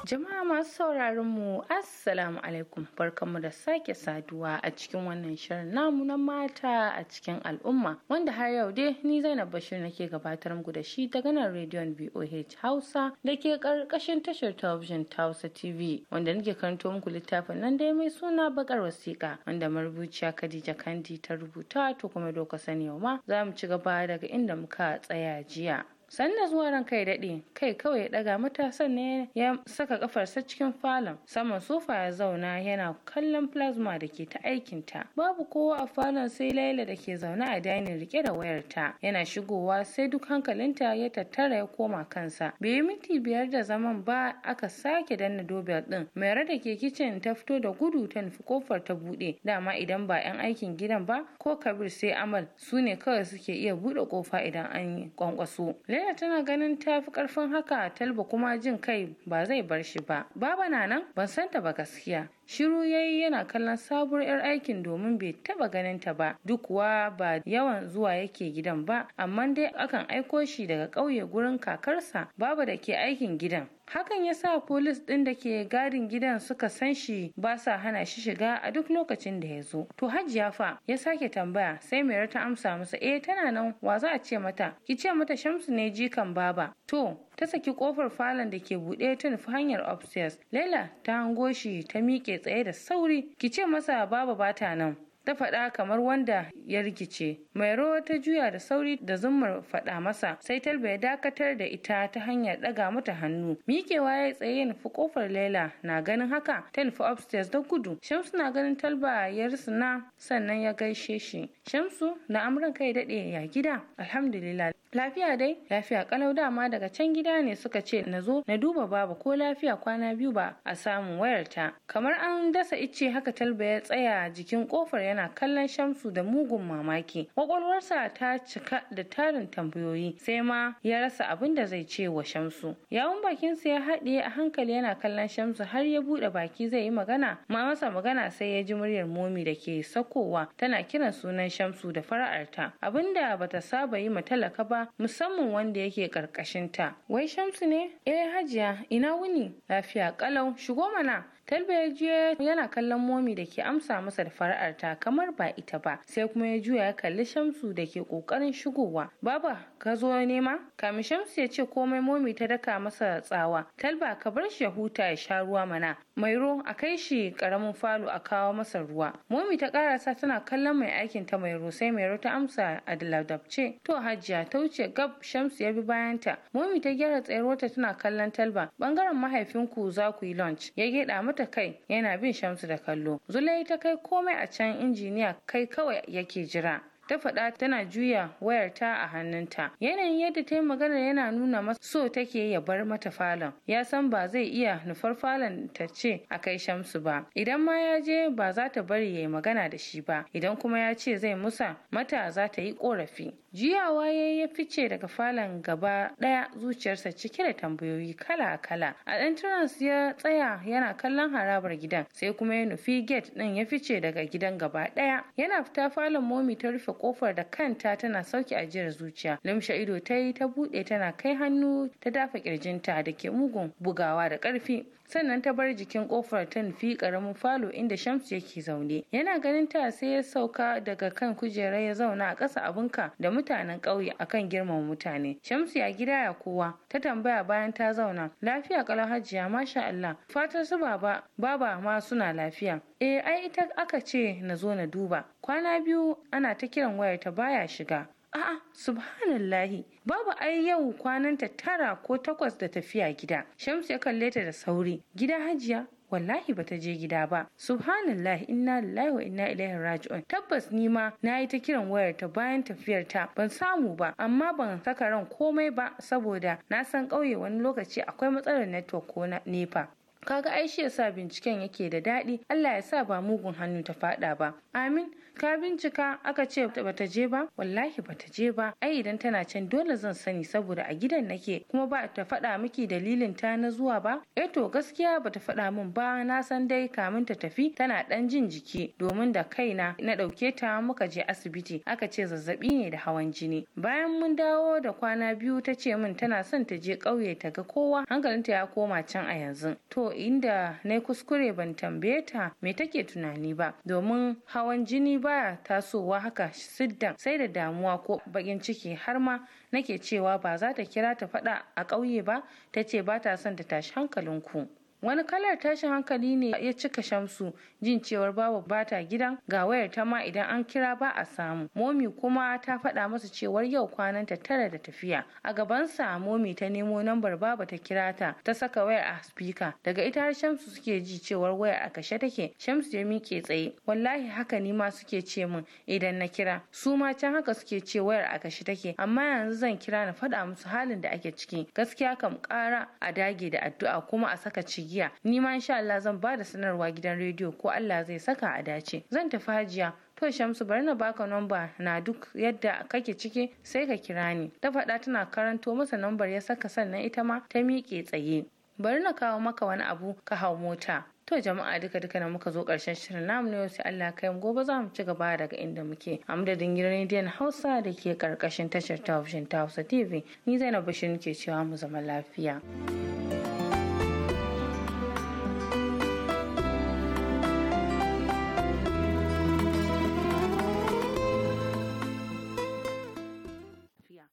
Jama'a masu sauraron mu Assalamu alaikum barkanmu da sake saduwa a cikin wannan shirin namu na mata a cikin al'umma wanda har yau dai ni Zainab Bashir nake gabatar muku da shi ta nan rediyon BOH Hausa da ke karkashin tashar talabijin ta Hausa TV wanda nake karanto muku littafin nan dai mai suna bakar wasiƙa wanda marubuciya Khadija Kandi ta rubuta to kuma doka sani yau ma za mu ci gaba daga inda muka tsaya jiya. sannan zuwa ran kai daɗe kai kawai ya ɗaga matasan sannan ya saka kafarsa cikin falon saman sofa ya zauna yana kallon plasma da ke ta aikinta babu kowa a falon sai laila da ke zaune a dainin rike da wayarta yana shigowa sai duk hankalinta ya tattara ya koma kansa bai minti biyar da zaman ba aka sake danna dobel din. mai da ke kicin ta fito da gudu ta nufi kofar ta buɗe dama idan ba 'yan aikin gidan ba ko kabir sai amal su ne kawai suke iya buɗe kofa idan an yi kwankwaso Maria tana ganin ta fi karfin haka Talba kuma jin kai ba zai bar shi ba. Baba na nan ban santa ba gaskiya. shiru ya yi yana kallon sabuwar 'yar aikin domin bai taba ganin ta ba duk kuwa ba yawan zuwa yake gidan ba amma dai akan aiko shi daga ƙauye gurin kakarsa babu da ke aikin gidan hakan ya sa polis ɗin da ke gadin gidan suka san shi ba sa hana shi shiga a duk lokacin da ya zo to hajiya fa ya sake tambaya sai mai ta amsa masa eh tana nan wa za a ce mata ki ce mata shamsu ne jikan baba to ta saki kofar falon da ke buɗe ta nufi hanyar upstairs laila ta hango shi ta miƙe tsaye da sauri ki ce masa babu bata nan ta faɗa kamar wanda ya rikice. mai rawa ta juya da sauri da zummar faɗa masa sai talba ya dakatar da ita ta hanyar ɗaga mata hannu. Miƙewa ya tsaye ya nufi ƙofar Laila na ganin haka ta nufi upstairs da gudu. Shamsu na ganin talba ya risina sannan ya gaishe shi. Shamsu na amuran kai daɗe ya gida. Alhamdulillah lafiya dai lafiya kalau dama daga can gida ne suka ce na zo na duba babu ko lafiya kwana biyu ba a samun wayarta kamar an dasa icce haka talba ya tsaya jikin kofar yana kallon shamsu da mugun mamaki kwakwalwarsa ta cika da tarin tambayoyi sai ma ya rasa abin da zai ce wa shamsu yawun bakinsa ya haɗe a hankali yana kallon shamsu har ya buɗe baki zai yi magana ma masa magana sai ya ji muryar momi da ke sakowa tana kiran sunan shamsu da fara'arta abin abinda bata saba yi ma talaka ba musamman wanda yake karkashin wai shamsu ne eh hajiya ina wuni lafiya kalau shigo mana Talba ya yana kallon momi da ke amsa masa da fara'arta kamar ba ita ba sai kuma ya juya ya kalli Shamsu da ke kokarin shigowa. Baba ka zo nema? Kamin Shamsu ya ce komai momi ta daka masa tsawa. Talba ka bar shi ya huta ya sha ruwa mana. Mairo a kai shi karamin falo a kawo masa ruwa. Momi ta karasa tana kallon mai aikin ta Mairo sai Mairo ta amsa a ladabce. To Hajiya ta wuce gab Shamsu ya bi bayanta. Momi ta gyara tsayarwarta tana kallon Talba. Bangaren mahaifinku za ku yi lunch. Ya geda mata da kai yana bin Shamsu da kallo. Zulai ta kai komai a can injiniya kai kawai yake jira. ta faɗa tana juya wayarta a hannunta yanayin yadda ta yi magana yana nuna masa so take ya bar mata falon ya san ba zai iya nufar falon ta ce a kai shamsu ba idan ma ya je ba za ta bari ya yi magana da shi ba idan kuma ya ce zai musa mata za ta yi korafi jiyawa ya ya fice daga falon gaba daya zuciyarsa cike da tambayoyi kala-kala a entrance ya tsaya yana kallon harabar gidan sai kuma ya nufi gate ɗin ya fice daga gidan gaba daya yana fita falon momi ta rufe kofar da kanta tana sauki ajiyar zuciya limsha ido ta yi ta buɗe tana kai hannu ta dafa kirjinta da ke mugun bugawa da ƙarfi sannan ta bar jikin kofar ta nufi karamin falo inda Shamsu yake zaune. Yana ganin ta sai ya sauka daga kan kujerar ya zauna a ƙasa abinka da mutanen ƙauye akan girmama mutane. Shamsu ya gida ya kowa ta tambaya bayan ta zauna. Lafiya kalau hajiya masha Allah. Fatar su baba baba ma suna lafiya. Eh ai ita aka ce na zo na duba. Kwana biyu ana ta kiran wayarta baya shiga. A'a, subhanallahi, babu ai yau kwananta tara ko takwas da tafiya gida. Shamsu ya kalle ta da sauri. Gida hajiya, wallahi bata je gida ba subhanallahi inna lillahi wa inna ilaihi raji'un tabbas ni ma nayi ta kiran wayar ta bayan tafiyar ta ban samu ba amma ban saka ran komai ba saboda na san ƙauye wani lokaci akwai matsalar network ko na nepa kaga ai shi yasa binciken yake da daɗi Allah ya sa ba mugun hannu ta faɗa ba amin ka bincika aka ce bata je ba wallahi bata je ba ai idan tana can dole zan sani saboda a gidan nake kuma ba ta faɗa miki dalilin ta na zuwa ba eh to gaskiya bata faɗa min ba na san dai kamin ta tafi tana ɗan jin jiki domin da kaina na ɗauke ta muka je asibiti aka ce zazzabi ne da hawan jini bayan mun dawo da kwana biyu ta ce min tana son ta je ƙauye ta ga kowa hankalinta ya koma can a yanzu to inda na kuskure ban tambaye ta me take tunani ba domin hawan jini ba baya tasowa haka siddan sai da damuwa ko bakin ciki har ma nake cewa ba za ta kira ta faɗa a ƙauye ba ta ce ba ta son ta tashi hankalinku. wani kalar tashin hankali ne ya cika shamsu jin cewar babu bata gidan ga wayar ta ma idan an kira ba a samu momi kuma ta faɗa masa cewar yau kwanan ta tara da tafiya a gabansa momi ta nemo lambar baba ta kira ta ta saka wayar a spika daga ita har shamsu suke ji cewar wayar a kashe take shamsu ya miƙe tsaye wallahi haka ni ma suke ce min idan na kira su ma can haka suke ce wayar a kashe take amma yanzu zan kira na faɗa musu halin da ake ciki gaskiya kam ƙara a dage da addu'a kuma a saka ciki giya ni ma insha Allah zan ba da sanarwa gidan rediyo ko Allah zai saka a dace zan tafi hajiya to shamsu bari na baka namba na duk yadda kake ciki sai ka kira ni ta faɗa tana karanto masa nambar ya saka sannan ita ma ta miƙe tsaye bari na kawo maka wani abu ka hau mota To jama'a duka duka na muka zo karshen shirin namu na yau sai Allah kai mu gobe za mu ci gaba daga inda muke. A madadin gidan rediyon Hausa da ke karkashin tashar Television ta Hausa TV. Ni Zainab Bashir ke cewa mu zama lafiya.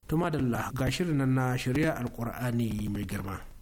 Tuma da ga shirin nan na shirya alkur'ani mai girma.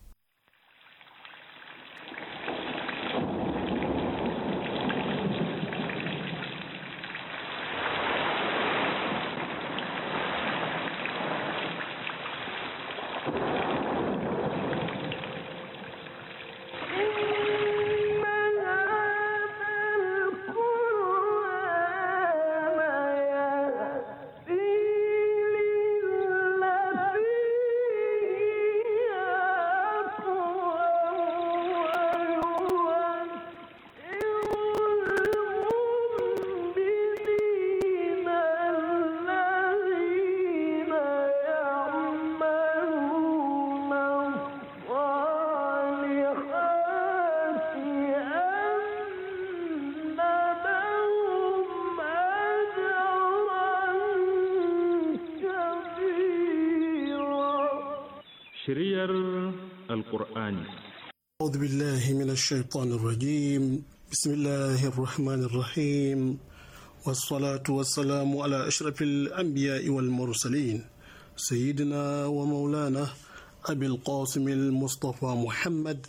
alkur'ani أعوذ بالله من الشيطان الرجيم بسم الله الرحمن الرحيم والصلاة والسلام على أشرف الأنبياء والمرسلين سيدنا ومولانا أبي القاسم المصطفى محمد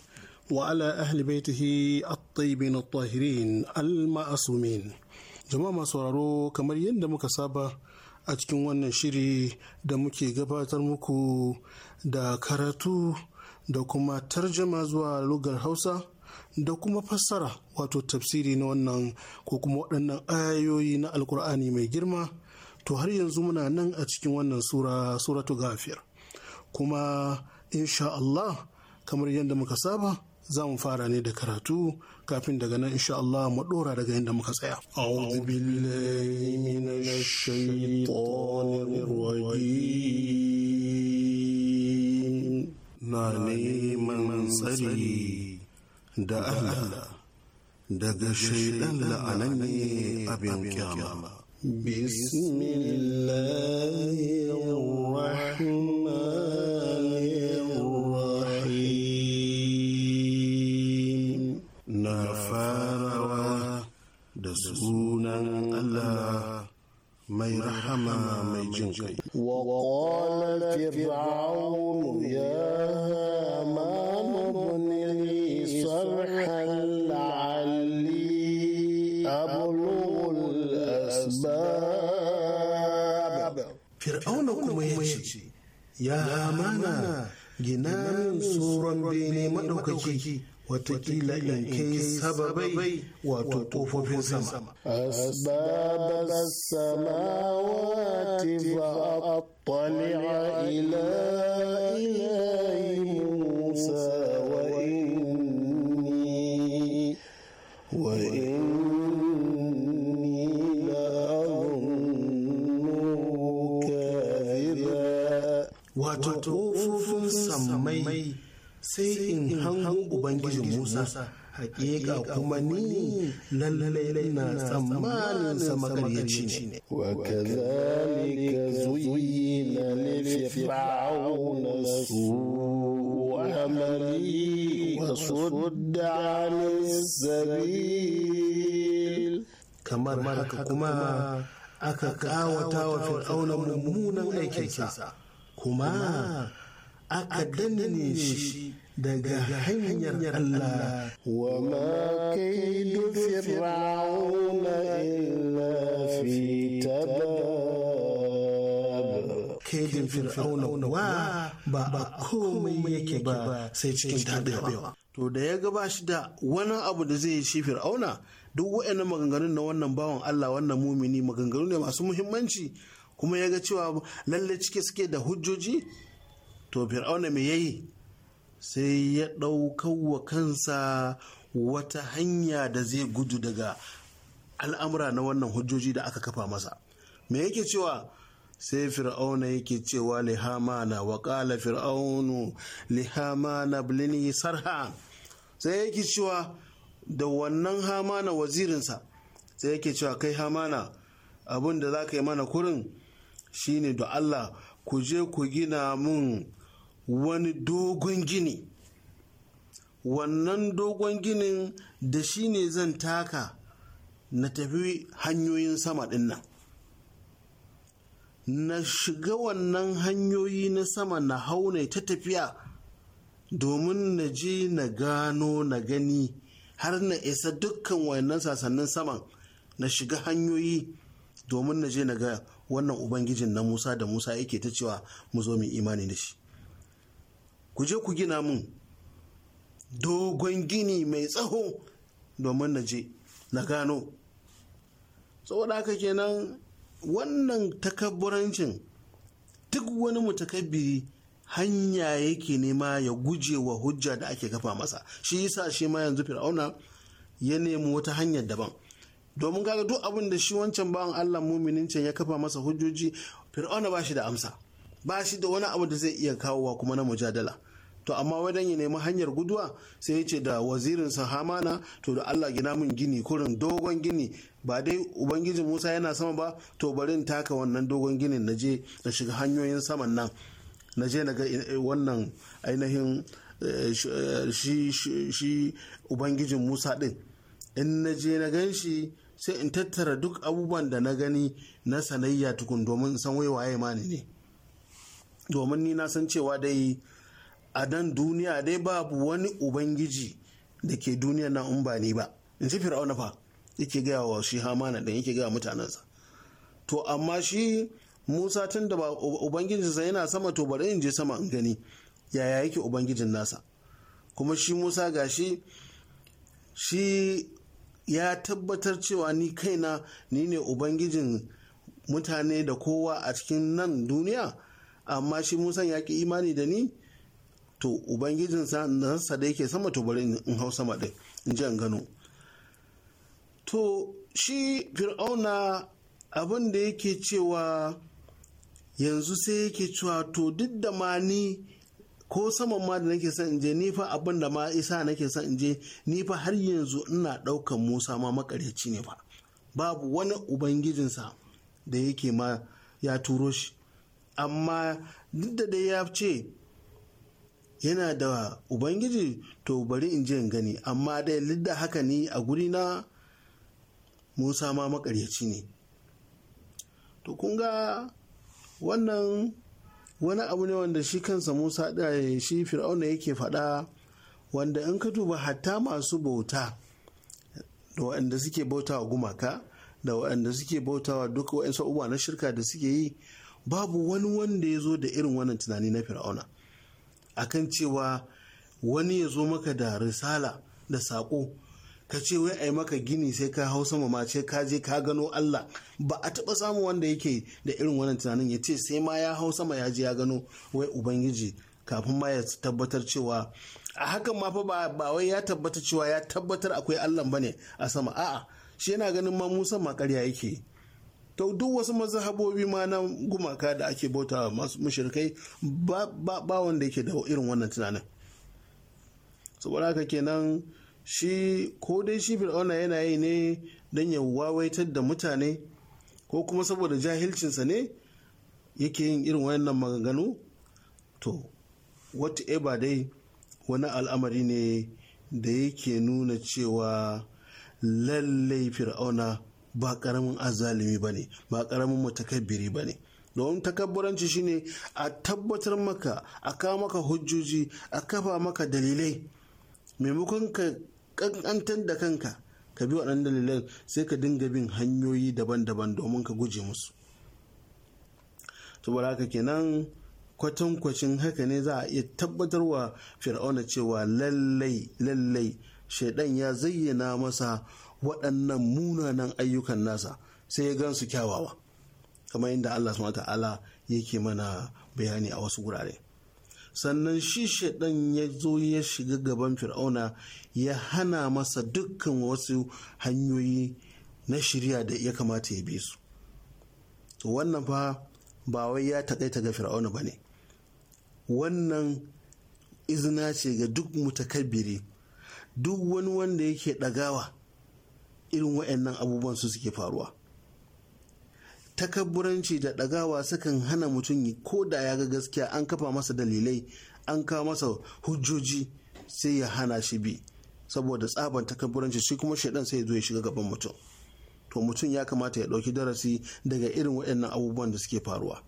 وعلى أهل بيته الطيبين الطاهرين المعصومين جماعة سورارو كمر يندم كسابة أتكون شري دمكي قباتر مكو دا كاراتو da kuma tarjama zuwa lugar hausa da kuma fassara wato tafsiri na wannan ko kuma waɗannan ayoyi na alkur'ani mai girma to har yanzu muna nan a cikin wannan sura suratu gafiyar kuma insha Allah kamar yadda muka saba za mu fara ne da karatu kafin daga nan insha Allah mu dora daga yadda muka tsaya. A'udhu billahi minash shaitanir rajim na neman tsari da Allah daga shaidan abin kyama. بسم الله الرحمن الرحيم نفاروا دسونا الله ما يرحم ما يجنك وقال فرعون Fir'auna kuma ya ce, Ya mana gina min tsoron bene maɗaukaki watakila in kai sababai wato ƙofofin sama. Asbabar samawa tifa ila ila yi musa mai sai in hango Ubangiji musa hakika kuma ni lallai na tsammanin sa magaryaci ne wa kadhalika zuyyina li fir'auna su'u amali wa sudda 'anis sabil kamar haka kuma aka kawata wa fir'aunan mummunan aikinsa kuma aka danne shi daga hanyar Allah wa ma kaidu fir'auna illa fi tabab kaidin fir'auna wa ba komai yake ba sai cikin tabewa to da ya gaba shi da wani abu da zai shi fir'auna duk wa'annan maganganun na wannan bawan Allah wannan mumini maganganu ne masu muhimmanci kuma ya ga cewa lalle cike suke da hujjoji to fir'auna me yayi sai ya wa kansa wata hanya da zai gudu daga al'amura na wannan hujjoji da aka kafa masa me yake cewa sai fir'auna yake cewa lihamana wa ƙala fir'aunu lihamana blini sarha sai yake cewa da wannan hamana wazirinsa sai yake cewa kai hamana abin da za ka yi mana kurin shine da allah ku je ku gina mun wani dogon gini wannan dogon ginin da shi ne zan taka na tafi hanyoyin sama dinnan na shiga wannan hanyoyi na sama na haune ta tafiya domin na je na gano na gani har na isa dukkan wayannan sasannin saman na shiga hanyoyi domin na je na ga wannan ubangijin na musa da musa yake ta cewa mu zo mu imani da shi ku je ku gina mun dogon gini mai tsaho domin na je na gano saboda haka kenan wannan takabburancin duk wani mutakabbiri hanya yake nema ya guje wa hujja da ake kafa masa shi yasa shi ma yanzu fir'auna ya nemi wata hanyar daban domin kaga duk abin da shi wancan bawan Allah muminin ya kafa masa hujjoji fir'auna ba shi da amsa ba shi da wani abu da zai iya kawowa kuma na mujadala to amma wadan ya nemi hanyar guduwa sai ya ce da wazirin sahamana? hamana to da Allah gina min gini kurin dogon gini ba dai ubangiji Musa yana sama ba to bari in taka wannan dogon ginin na je na shiga hanyoyin saman nan na je na ga eh, eh, wannan ainihin eh, shi ubangijin Musa din in na je na gan shi sai in tattara duk abubuwan da na gani na sanayya tukun domin san wai waye ma ne domin ni na san cewa dai a dan duniya dai babu wani ubangiji da ke duniya na in ba ba in ji fir'auna fa yake gaya wa shi hamana da yake gaya mutanensa to amma shi musa tun da ba ubangijinsa yana sama to bari in je sama in gani yaya yake ubangijin nasa kuma shi musa gashi shi ya tabbatar cewa ni kaina ni ne ubangijin mutane da kowa a cikin nan duniya amma shi musan ya ki imani da ni to ubangijinsa nasa da yake sama to bari in hau sama ɗin in ji gano to shi fir'auna abin da yake cewa yanzu sai yake cewa to duk da ma ni ko saman ma da nake son in je ni abin da ma isa nake son in je ni har yanzu ina ɗaukan musa ma makareci ne fa babu wani ubangijinsa da yake ma ya turo shi amma duk da dai ya ce yana da ubangiji to bari in je in gani amma dai lidda haka ni a guri na musa ma makaryaci ne to kun ga wannan wani abu ne wanda shi kansa musa da shi fir'auna yake faɗa wanda in ka duba hatta masu bauta da waɗanda suke bauta wa gumaka da waɗanda suke bauta wa duka waɗansu abubuwa na shirka da suke yi babu wani wanda ya zo da irin wannan tunani na fir'auna akan cewa wani ya zo maka da risala da saƙo ka ce wai ai maka gini sai ka hau sama ma ce ka je ka gano Allah ba a taɓa samun wanda yake da irin wannan tunanin ya ce sai ma ya hau sama ya je ya gano wai ubangiji kafin ma ya tabbatar cewa a hakan ma fa ba wai ya tabbata cewa ya tabbatar akwai Allah bane a sama a'a shi yana ganin ma Musa ma ƙarya yake to duk wasu mazhabobi ma na gumaka da ake bauta masu mushrikai ba wanda yake da irin wannan tunanin saboda haka kenan shi ko dai shi fir'auna yana yi ne don ya wawaitar da mutane ko kuma saboda jahilcinsa ne yake yin irin wannan maganganu to whatever dai wani al'amari ne da yake nuna cewa lallai fir'auna ba karamin azalimi ba ne ba karamin matakabbiri ba ne domin takabburanci shine a tabbatar maka a kawo maka hujjoji a kafa maka dalilai maimakon ka kankantar da kanka ka bi waɗannan dalilai sai ka dinga bin hanyoyi daban-daban domin ka guje musu saboda haka kenan kwatankwacin haka ne za a iya tabbatar wa fir'auna cewa lallai lallai shaidan ya zayyana masa waɗannan munanan ayyukan nasa sai ya gan su kyawawa kamar inda Allah subhanahu ta'ala yake mana bayani a wasu wurare sannan shi shaidan ya zo ya shiga gaban fir'auna ya hana masa dukkan wasu hanyoyi na shirya da ya kamata ya bi su to wannan fa ba wai ya taƙaita ga fir'auna ba ne wannan izina ce ga duk mutakabbiri duk wani wanda yake ɗagawa irin waɗannan abubuwan su suke faruwa takabburanci da ɗagawa sukan hana mutum yi ko da ya ga gaskiya an kafa masa dalilai an kawo masa hujjoji sai ya hana shi bi saboda tsaban takabburanci shi kuma shaidan sai ya zo ya shiga gaban mutum to mutum ya kamata ya ɗauki darasi daga irin waɗannan abubuwan da suke faruwa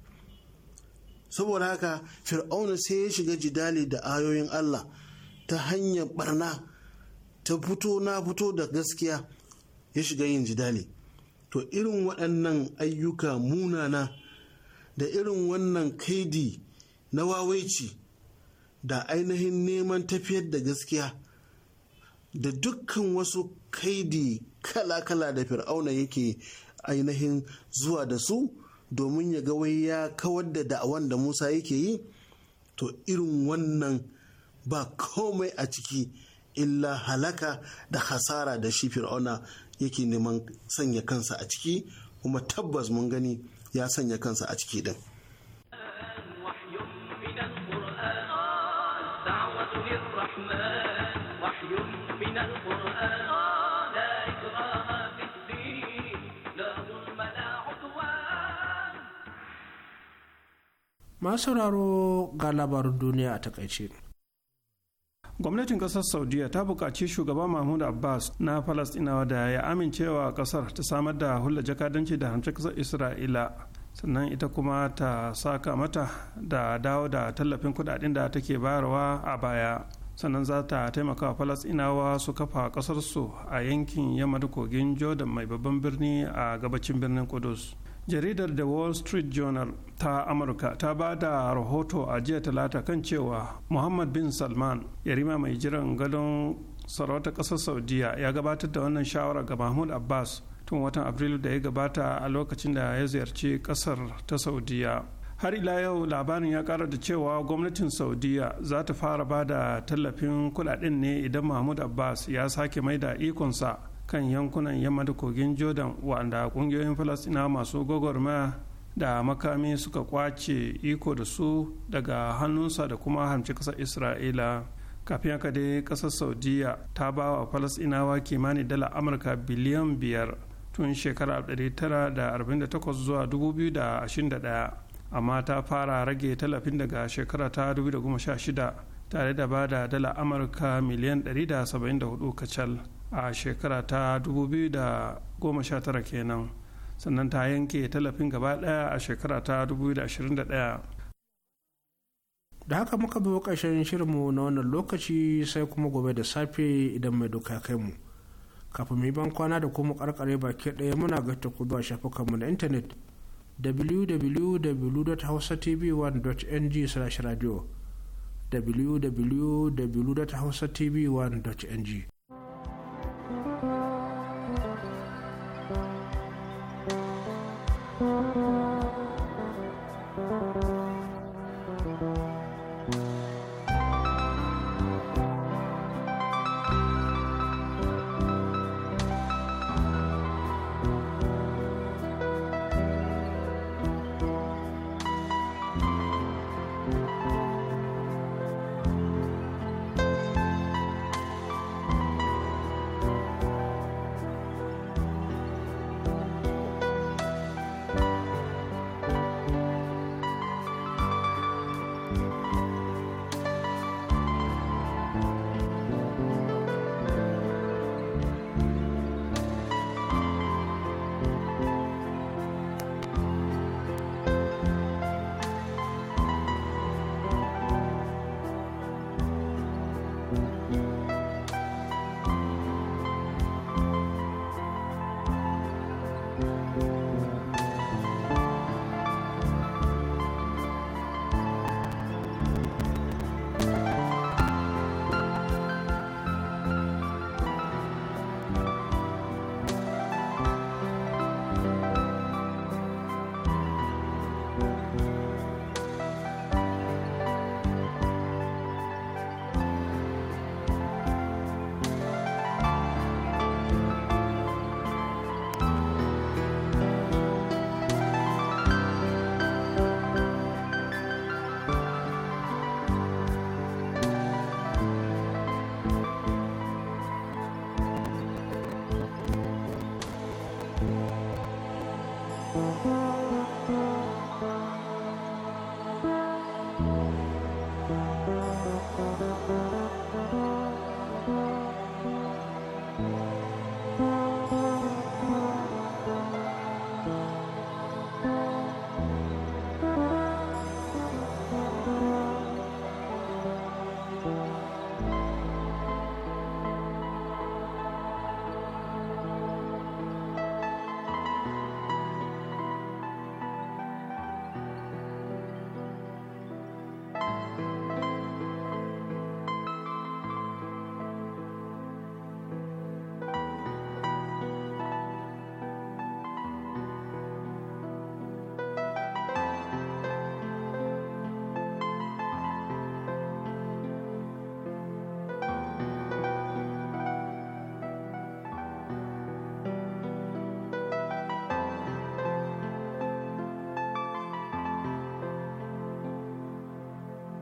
saboda haka fir'auna sai ya shiga jidali da ayoyin allah ta hanyar barna ta fito na fito da gaskiya ya shiga yin jidali to irin waɗannan ayyuka munana da irin wannan kaidi na wawaici da ainihin neman tafiyar da gaskiya da dukkan wasu kaidi kala-kala da fir'auna yake ainihin zuwa da su domin ya ga wai ya kawar da da'awan da musa yake yi to irin wannan ba komai a ciki illa halaka da hasara da shi fir'auna yake neman sanya kansa a ciki kuma tabbas mun gani ya sanya kansa a ciki din masu sauraro ga labarin duniya a takaice gwamnatin kasar saudiya ta bukaci shugaba mahmud abbas na falastinawa da ya amincewa kasar ta samar da hulla jakadanci da hamshe kasar isra'ila sannan ita kuma ta saka mata da dawo da tallafin kudaden da take bayarwa a baya sannan za ta taimaka wa falastinawa su kafa kasarsu a yankin yamma da kogin jordan mai babban birni a gabacin birnin kudus jaridar the wall street journal ta amurka ta ba da rahoto a jiya talata kan cewa muhammad bin salman yarima mai jiran gadon sarauta kasar saudiya ya gabatar da wannan shawara ga mahmud abbas tun watan afrilu da ya gabata a lokacin da ya ziyarci kasar ta saudiya har ila yau labarin ya kara da cewa gwamnatin saudiya za ta fara ba da tallafin kudaden ne idan mahmud abbas ya sake mai da ikonsa kan yankunan yamma da kogin jordan wanda kungiyoyin falasina masu gwagwarmaya da makami suka kwace iko da su daga hannunsa da kuma hamci kasar isra'ila kafin aka dai kasar saudiya ta ba wa falasinawa kimanin dala amurka biliyan biyar tun shekarar 1948 zuwa 2021 amma ta fara rage talafin daga shekara ta 2016 tare da ba da dala amurka miliyan 174 kacal a shekara ta 2019 kenan sannan ta yanke tallafin gaba daya a shekara ta 2021 da haka muka bi ƙarshen shirinmu na wannan lokaci sai kuma gobe da safe idan mai doka kai mu kafin mu ban kwana da kuma karkare baki ɗaya muna ga ta kudu a shafukanmu na intanet www.hausatv1.ng/radio www.hausatv1.ng